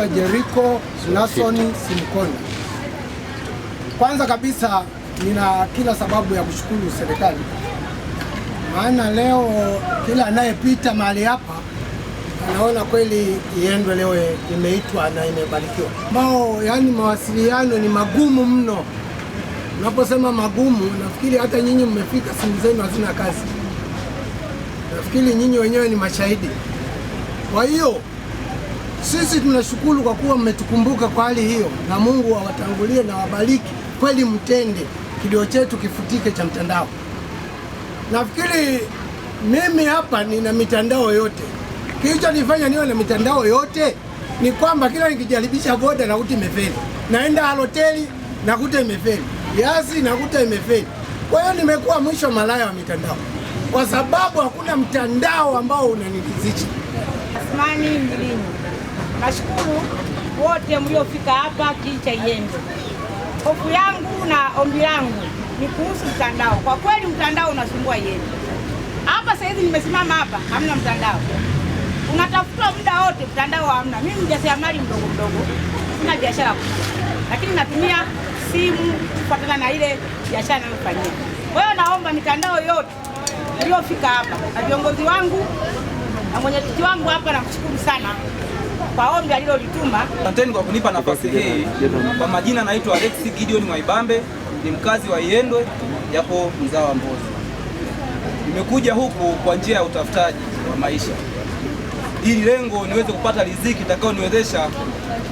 anaitwa Jericho Nason Simkoni. Kwanza kabisa nina kila sababu ya kushukuru serikali, maana leo kila anayepita mahali hapa anaona kweli iendwe leo imeitwa na imebarikiwa. Mbao yani mawasiliano ni magumu mno. Unaposema magumu, nafikiri hata nyinyi mmefika, simu zenu hazina kazi. Nafikiri nyinyi wenyewe ni mashahidi, kwa hiyo sisi tunashukuru kwa kuwa mmetukumbuka kwa hali hiyo, na Mungu awatangulie wa na wabariki kweli, mtende kilio chetu kifutike cha mtandao. Nafikiri mimi hapa nina mitandao yote. nifanya niwe na mitandao yote ni kwamba kila nikijaribisha boda nakuta imefeli, naenda haloteli nakuta imefeli, yazi nakuta imefeli. Kwa hiyo nimekuwa mwisho malaya wa mitandao, kwa sababu hakuna mtandao ambao unaniridhisha. Asmani Mbilinyi. Nashukuru wote mliofika hapa kijiji cha Iyembe. Hofu yangu na ombi langu ni kuhusu mtandao. Kwa kweli mtandao unasumbua Iyembe hapa saizi, nimesimama hapa hamna mtandao, unatafuta muda wote mtandao hamna. Mimi mjasiriamali mdogo mdogo, sina biashara kubwa, lakini natumia simu kufuatana na ile biashara ninayofanyia. Kwa hiyo naomba mitandao yote iliyofika hapa na viongozi wangu na mwenyekiti wangu hapa, namshukuru sana kwa ombi alilolituma. Asanteni kwa kunipa nafasi hii. Kwa majina naitwa Alex Gideon Mwaibambe, ni mkazi wa Iendwe yapo mzao wa Mbozi. Nimekuja huku kwa njia ya utafutaji wa maisha ili lengo niweze kupata riziki itakayoniwezesha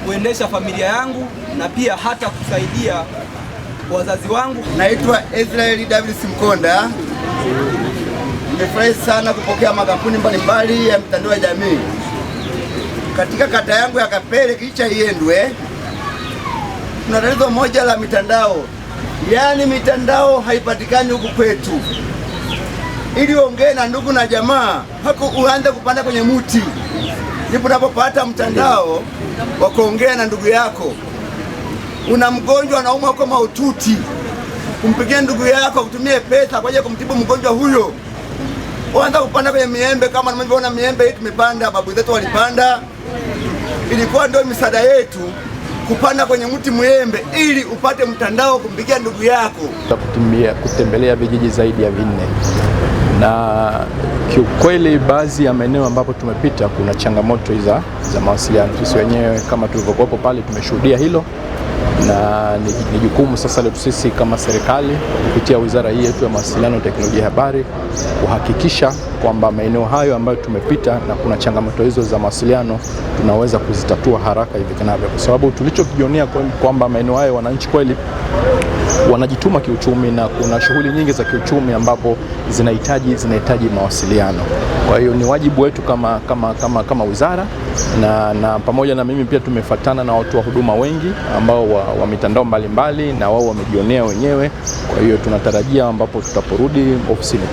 kuendesha familia yangu na pia hata kusaidia wazazi wangu. Naitwa Israeli Davis Mkonda. Nimefurahi sana kupokea makampuni mbalimbali ya mitandao ya jamii katika kata yangu ya Kapele kicha Iendwe kuna tatizo moja la mitandao, yaani mitandao haipatikani huku kwetu. Ili ongee na ndugu na jamaa hako uanze kupanda kwenye muti, ndipo unapopata mtandao wa kuongea na ndugu yako. Una mgonjwa anaumwa huko maututi, kumpigia ndugu yako kutumie pesa kwaje kumtibu mgonjwa huyo. Uanza kupanda kwenye miembe, kama mnavyoona miembe hii tumepanda, babu zetu walipanda ilikuwa ndio misaada yetu kupanda kwenye mti mwembe ili upate mtandao kumpigia ndugu yako. Tutakutumia kutembelea vijiji zaidi ya vinne, na kiukweli baadhi ya maeneo ambapo tumepita kuna changamoto za za mawasiliano. Sisi wenyewe kama tulivyokuwepo pale tumeshuhudia hilo na ni jukumu sasa letu sisi kama serikali kupitia wizara hii yetu ya mawasiliano na teknolojia ya habari kuhakikisha kwamba maeneo hayo ambayo tumepita na kuna changamoto hizo za mawasiliano tunaweza kuzitatua haraka iwezekanavyo, kwa sababu tulichokionea kwamba maeneo hayo wananchi kweli wanajituma kiuchumi na kuna shughuli nyingi za kiuchumi ambapo zinahitaji zinahitaji mawasiliano. Kwa hiyo ni wajibu wetu kama, kama, kama, kama wizara na, na pamoja na mimi pia tumefatana na watu wa huduma wengi ambao wa, wa mitandao mbalimbali mbali, na wao wamejionea wenyewe. Kwa hiyo tunatarajia ambapo tutaporudi ofisini